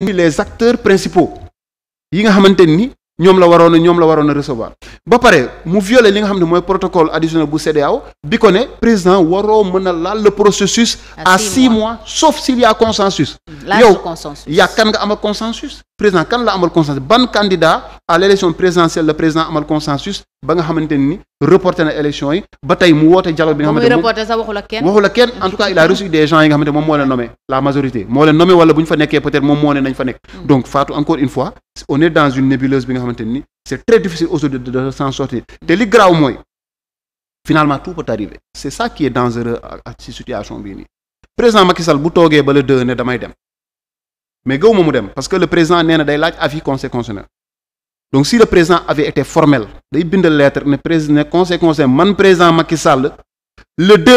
les acteurs principaux yi nga xamante ni ñoom la waroon a ñoom la waroon a recevoir ba pare mu violé li nga xam ne mooy protocole additionnel bu CEDEAO bi ko ne président waroo mën a laal le processus à six mois sauf si y a consensus yow yaa kan nga am a consensus président kan la amal consensus ban candidat à l' présidentielle la président amal consensus ba nga xamante ni na élection yi ba tey mu woote dialogue bi nga xamante ne kenn en tout cas il a reçu des gens yi nga xamante moom moo leen nommé la majorité moo leen nommé wala bu ñu fa nekkee peut-être moom moo ne nañ fa nekk mm. donc Fatou encore une fois on est dans une nébuleuse bi nga xamante ni très difficile aujourd'hui de de situation bii nii président dem mais gëw ma mu dem parce que le président nee na day laaj avis conseil constitutionnel donc si le président avait été formel day bind lettre ne président conseil constitutionnel man président Macky Sall le 2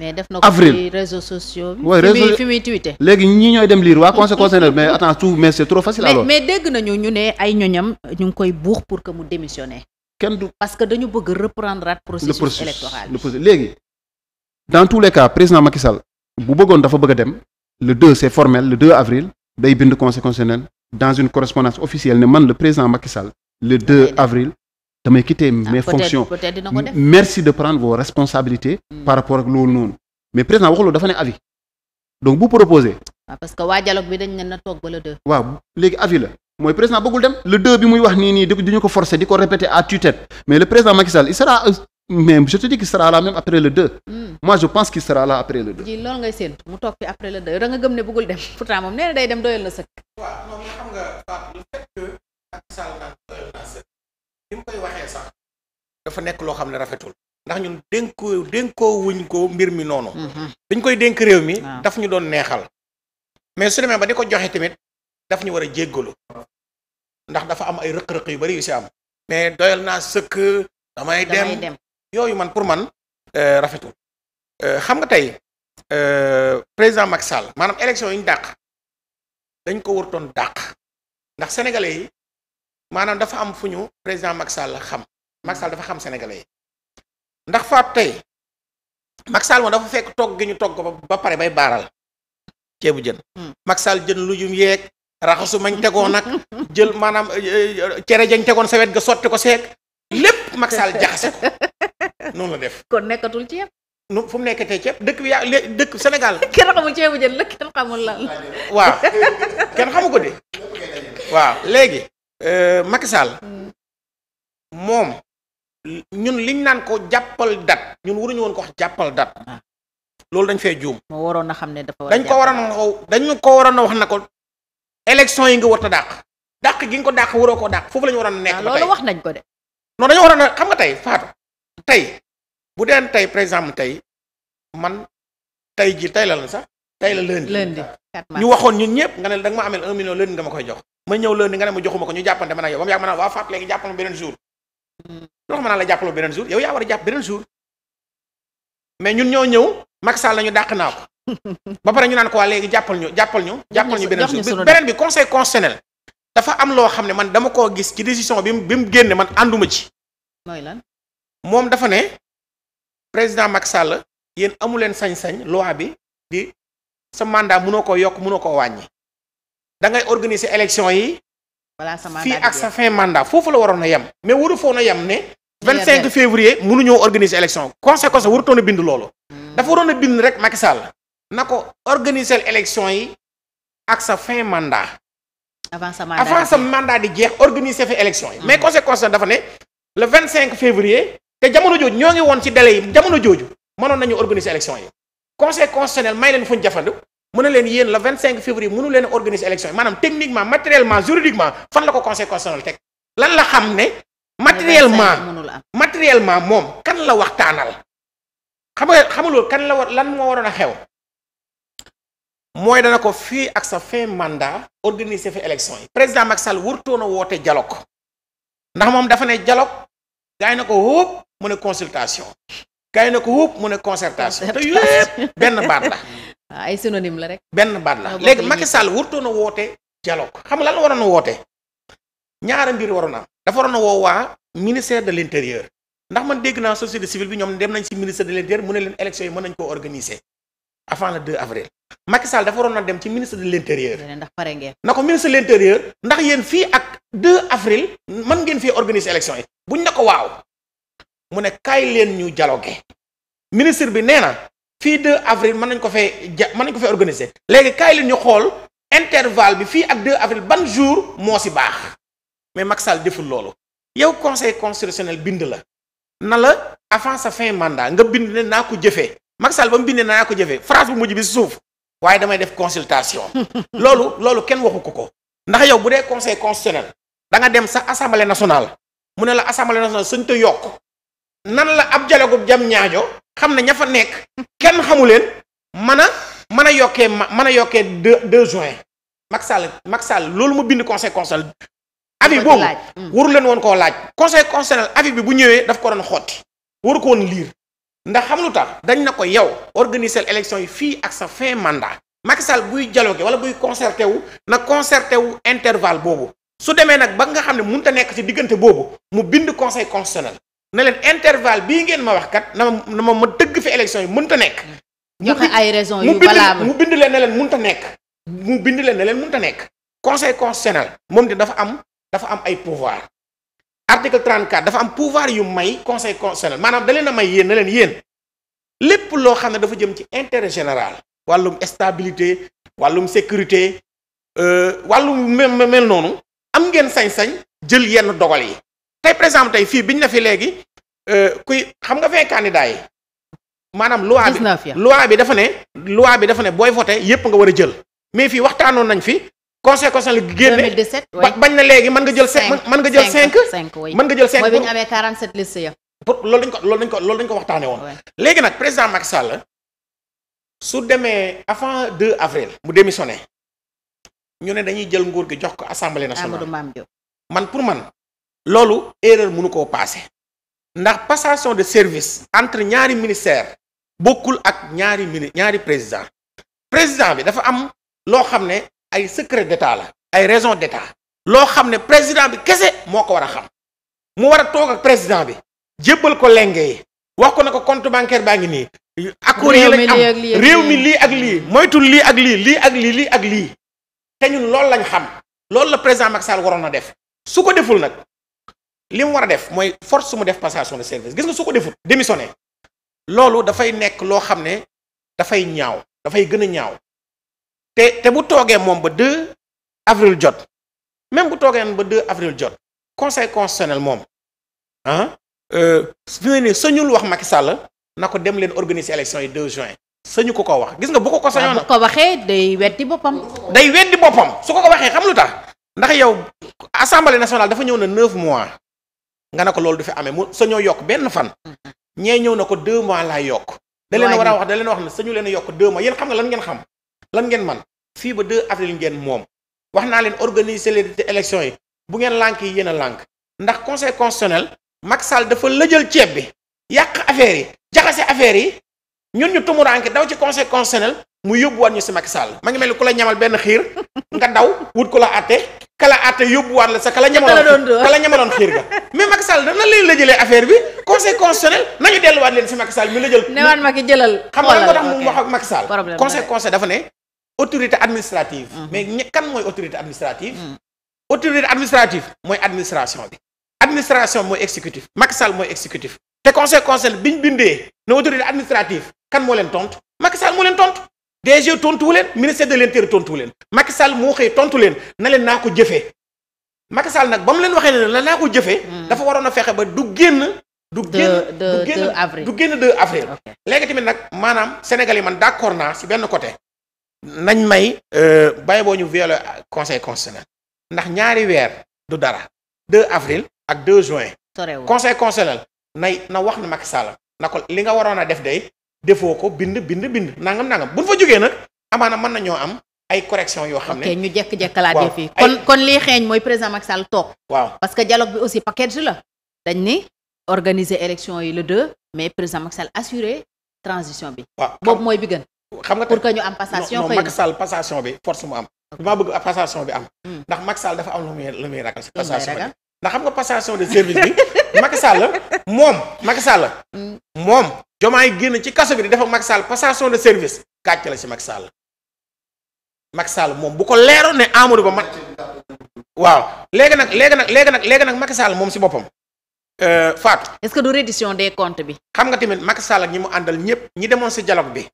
mais def na ko ci réseaux sociaux bi léegi ñi ñooy dem liir waa conseil constitutionnel mais attends tout mais c'est trop facile alors mais dégg nañu ñu ne ay ñoñam ñu ngi koy buux pour que mu démissionne kenn du parce que dañu bëgg reprendre at processus électoral bi léegi dans président Macky Sall bu bëggoon dafa bëgg dem le 2 c'est formel le 2 avril day bind conséquence constitutionnel dans une correspondance officielle ne man le président Macky Sall le 2 avril damay quitter ah, mes fonctions merci de prendre vos responsabilités hmm. par rapport ak loolu noonu mais président waxuloo dafa ne avis donc bu proposé waaw ah, parce que waa dialogue bi dañ ne na toog ba le 2 waaw léegi avis la mooy président bëggul dem le 2 bi muy wax nii nii di ñu ko forcer di ko répéter à tue mais le président Macky mais je te dis qu'il sera là même après le 2. Mm. je pense qu'il sera là après le 2. ji loolu ngay séntu mu toog fi après le 2 da nga gëm ne bëggul dem pourtant moom nee na day dem doyal na sëkk. waaw non mais xam nga le fait mu koy waxee sax dafa nekk loo xam ne rafetul ndax ñun dénkoo dénkoo wuñ ko mbir mi noonu. dañ hmm, hmm. koy dénk réew mi. Ah. daf ñu doon neexal. mais su demee ba di ko joxe tamit daf ñu war a jéggalu ndax dafa am ay rëq-rëq yu bari yu si am. mais doyal naa sëkk damay dem yooyu man pour man euh, rafetu euh, xam nga tey euh, président Macky Sall maanaam élection yi ñu dàq dañ ko wartoon dàq ndax sénégalais yi maanaam dafa am fu ñu président Macky xam Macky dafa xam sénégalais yi ndax faat tey Macky Sall moom dafa fekk togg gi ñu togg ba pare bay baaral ceebu jën hmm. Macky jën lu jum yeeg raxasu mañ tegoon nag jël maanaam cere jañ tegoon sa wet ga sotti ko seek lépp Macky Sall ko noonu la def. kon nekkatul ci ceeb. nu fu mu nekkatee ceeb dëkk bi yaa dëkk Sénégal. kenn xamul ceebu jën la kenn xamul lan la. waaw kenn xamu ko de. waaw léegi. Euh, Macky Sall. Hmm. moom. ñun liñ naan ko jàppal dat ñun waruñu woon ko wax jàppal dat. Ah. loolu dañ fee juum. moo waroon a xam ne dafa war dañ ko waroon a dañ ko waroon a wax na ko. élection yi nga war a dàq. dàq gi nga ko dàq waroo koo dàq foofu la ñu waroon a ah, wax nañ ko de. non dañoo waroon a xam nga tey Fatou. tey bu deen tey par exemple tey man tey jii tey la la sax tey la lundi lundi ñu waxoon ñun ñëpp nga ne da nga ma amel un million nga ma koy jox ma ñëw lundi nga ne ma joxuma ko ñu jàppante man ak yow ba mu yàgg ma naan waa Fatou léegi beneen jour hmm. loolu la jàppaloo beneen jour yow yaa war a jàpp beneen jour mais ñun ñoo ñëw Macky Sall nañu dàq naa ko ba pare ñu naan ko waa léegi jàppal ñu jàppal ñu jàppal ñu beneen jour beneen bi conseil constitutionnel dafa am loo xam ne man dama koo gis ci décision bi mu bi mu génne man ànduma ci mooy lan moom dafa ne président Macky Sall yéen amu leen sañ-sañ loi bi di sa mandat mënoo ko yokk mënoo ko wàññi da ngay organiser élection yi. voilà sa ak sa fin mandat foofu la waroon a yem. mais waru foon a yem ne. 25 février mënuñoo organiser élection conséquence warutoon a bind loolu. Hmm. dafa waroon a bind rek Macky Sall na ko organiser élection yi ak sa fin mandat. avant sa mandat sa mandat di jeex organiser fi élection yi. mais hmm. conséquence dafa ne le 25 février. te jamono jooju ñoo ngi woon ci dele yi jamono jooju mënoon nañu organiser élection yi conseil constitutionnel may leen fuñ jafandu mu ne leen yéen la 25 février mënu leen organiser élection yi maanaam techniquement matériellement juridiquement fan la ko conseil constitutionnel teg lan la xam ne matériellement matériellement moom kan la waxtaanal xam nga xamuloo kan la war lan moo waroon a xew mooy dana ko fii ak sa fin mandat organiser fi élection yi président Macky Sall wërtoon a woote dialogue ndax moom dafa gaay na ko wóop mu ne consultation gaay na ko wóop mu ne concertation te yëpp benn baat la. Ah, ay synonyme la rek. benn baat la ah, léegi Macky Sall warutoon a woote dialogue xam lan la waroon a woote ñaara mbir waroon am dafa waroon a woo waa ministère de l' intérieur ndax man dégg naa société civile bi ñoom dem nañ ci ministère de l' intérieur mu ne leen élection yi mën nañ koo organiser avant le 2 avril Macky dafa waroon a dem ci ministre de l' intérieur. ndax pare 2 avril man ngeen fee organiser élection yi buñ ne ko waaw mu ne kaay leen ñu ge ministre bi nee fii 2 avril mën nañ ko fee ja mën nañ ko fee organiser léegi kaay leen ñu xool intervalle bi fii ak 2 avril ban jour moo si baax mais Macky jëful deful loolu yow conseil constitutionnel bind la na la avant sa fin mandat nga bind ne naa ko jëfee Macky Sall ba mu bindee naa ko jëfee phrase bu mujj bi suuf waaye damay def consultation loolu loolu kenn waxu ko ko ndax yow bu dee conseil constitutionnel. da nga dem sa assemblée national mu ne la assemblée nationale suñ te yokk nan la ab jalagub jam ñaajo xam na ña fa nekk kenn xamu leen mën a mën a yokkee mën a yokkee deux deux juin Macky Sall Macky Sall loolu mu bind conseil constitutionnel avis boobu hmm. waru leen woon koo laaj conseil constitutionnel avis bi bu ñëwee daf ko doon xotti waru ko woon liir ndax xam lu tax dañ na ko yow organiser élection yi fii ak sa fin mandat Macky Sall jaloo dialoguer wala buy concerté wu na concerté wu intervalle boobu su demee nag ba nga xam ne mënut a nekk ci diggante boobu mu bind conseil constitutionnel na leen intervalle bii ngeen ma wax kat na ma na ma ma dëgg fi élection yi mënut a nekk. joxe ay raisons yu valable mu bind leen ne leen mënut a nekk. mu bind leen ne leen mënut ta nekk. conseil constitutionnel moom de dafa am dafa am ay pouvoir article 34 dafa am pouvoir yu may conseil constitutionnel maanaam da leen a may yéen na leen yéen lépp loo xam ne dafa jëm ci intérêt général wàllum stabilité wàllum sécurité euh, wàllum mel mel noonu. am ngeen sañ-sañ jël yenn dogal yi tey par exemple tey fii biñ na fi léegi euh, kuy xam nga fee candidat yi maanaam loi bi loi bi dafa ne loi bi dafa ne booy voté yépp nga war a jël mais fii waxtaanoon nañ fi conseil constitutionnel bi génne 2017 bañ na léegi mën nga jël cinq mën nga jël cinq mën nga jël cinq mooy bi ñu amee 47 liste ya pour loolu dañ ko loolu dañ ko loolu dañ ko waxtaane woon léegi nag président Macky Sall su demee avant 2 avril mu démissionné ñu ne dañuy jël nguur gi jox ko assemblée nationale Amadou Mame Diop man pour man loolu erreur mënu koo passé ndax passation de service entre ñaari ministère bokkul ak ñaari mini ñaari président président bi dafa am loo xam ne ay secret d'état la ay raison d'état loo xam ne président bi kese moo ko war a xam mu war a toog ak président bi jébbal ko lenge yi wax ko na ko compte bancaire baa ngi nii accord yi lañ am réew mi lii ak lii moytul lii ak lii lii ak lii lii ak lii te ñun loolu lañ xam loolu la président Macky Sall waroon na def su ko deful nag li mu war a def mooy force su mu def passation de service gis nga su ko deful démissionné loolu dafay nekk loo xam ne dafay ñaaw dafay gën a ñaaw te te bu toogee moom ba 2 avril jot même bu toogee ba 2 avril jot conseil constitutionnel moom ah euh, fi mu ne wax Macky Sall na ko dem leen organiser élection yi 2 juin. sañu ko ko wax gis nga bu ko ko sañoon bu ko waxee day weddi boppam. day weddi boppam su ko ko waxee xam lu tax ndax yow assemblée nationale dafa ñëw na neuf mois nga ne ko loolu du fi amee mu sañoo yokk benn fan. Mm-hmm. ñee ñëw na ko deux mois laa yokk. da leen war a wax da leen wax na sañu leen yokk deux mois yéen xam nga lan ngeen xam lan ngeen man fii ba 2 avril ngeen moom wax naa leen organiser les élections yi bu ngeen lànk yi yéen a lànk ndax conseil constitutionnel Macky Sall dafa lëjal ceeb bi yàq affaire yi jaxase affaire yi ñun ñu tumuraanke daw ci conseil constitutionnel mu yóbbuwaat ñu si Macky Sall ma ngi mel ni ku la ñamal benn xiir nga daw wut ku la àtte kala àtte yóbbuwaat la sa kala ñamaloon kala ñamaloon xiir ga mais Macky Sall dana leen jëlee affaire bi conseil constitutionnel nañu delluwaat leen si Macky Sall mi la jël newaan Macky jëlal xam nga moo tax mu wax ak Macky Sall ne autorité administrative mhm. mais kan mooy autorité administrative mhm. autorité administrative mooy administration bi administration mooy exécutif Macky Sall mooy exécutif te conseil constitutionnel bi ñu bindee ne autorité administrative kan moo leen tontu Macky Sall moo leen tontu DG tontuwu leen ministère de l'intérieur tontuwu leen Macky Sall moo xëy tontu leen na leen naa ko jëfee Macky Sall nag ba mu leen waxee ne la naa ko jëfee. Hmm. dafa waroon a fexe ba du génn. du génn du génn du génn 2 avril. léegi tamit nag maanaam Sénégal yi man d'accord naa si benn côté. nañ may euh, bay boo ñu violé conseil constitutionnel ndax ñaari weer du dara 2 avril ak 2 juin. conseil constitutionnel nay na wax ne Macky Sall na ko li nga waroon a def day defoo ko bind bind bind nangam nangam buñ fa jógee nag amaana mën nañoo am ay correction yoo xam ne ok ñu jékki-jékkalaatee fii kon kon lii xeeñ mooy président Macky Sall toog waaw parce que dialogue bi aussi package la dañ ni organiser élection yi le deux mais président Macky Sall assurer transition bi waaw boobu mooy bi gën xam nga pour que ñu am passation xëy na Macky Sall passation bi force mu am damaa bëgg passation bi am hmm. ndax Macky Sall dafa am lu muy ragal si passation ndax xam nga passation de service bi Macky Sall moom Macky hmm. yi génn ci kaso bi di dafa Macky Sall passation de service kàcc la ci Macky Sall moom bu ko leeroon ne Amadou Ba man waaw léegi nag léegi nag léegi nag léegi nag Macky Sall moom si boppam euh, Fatou. est-ce que du reddition des comptes bi. xam nga tamit Macky Sall ak ñi mu àndal ñëpp ñi demoon si dialogue bi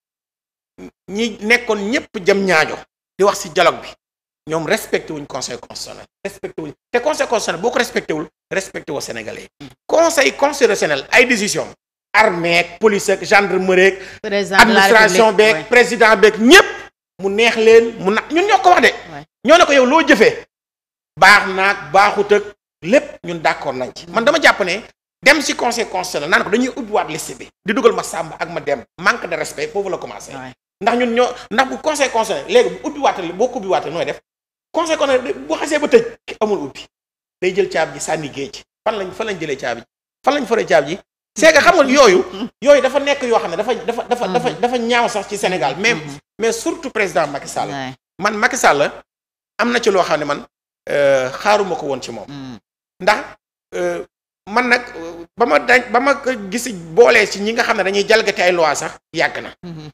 ñi nekkoon ñëpp jëm ñaajo di wax si dialogue bi ñoom respecté wuñ conseil constitutionnel respecté wuñ te conseil constitutionnel boo ko respecté wul respecté woo Sénégalais conseil constitutionnel ay armée ak police ak gendarmerie ak administration beeg président beeg ñépp mu neex leen mu na ñun ñoo ko wax de ñoo ne ko yow loo jëfee baax naag baaxut ak lépp ñun d'accord nañ ci man dama jàpp ne dem ci conseil na naan ko dañuy ubbiwaat liste bi di dugal ma Samba ak ma dem manque de respect foofu la commencé ndax ñun ñoo ndax bu conseil constitutionnel léegi boo ko ubbiwaatale nooy def conseil constitutionnel bu xasee ba tëj amul ubbi day jël caab ji sànni géej fan lañ fan lañ jëlee caab ji fan lañ foree caab ji c'est que xam yooyu. Mm-hmm. yooyu dafa nekk yoo xam ne dafa dafa dafa dafa mm-hmm. dafa ñaaw sax ci Sénégal mais mm-hmm. mais surtout président Macky Sall. man Macky Sall am na ci loo xam ne man euh, xaaruma ko woon ci moom. Mm. ndax euh, man nag ba ma dañ ba ma gis boolee ci ñi nga xam ne dañuy jalgati ay loi sax yàgg na.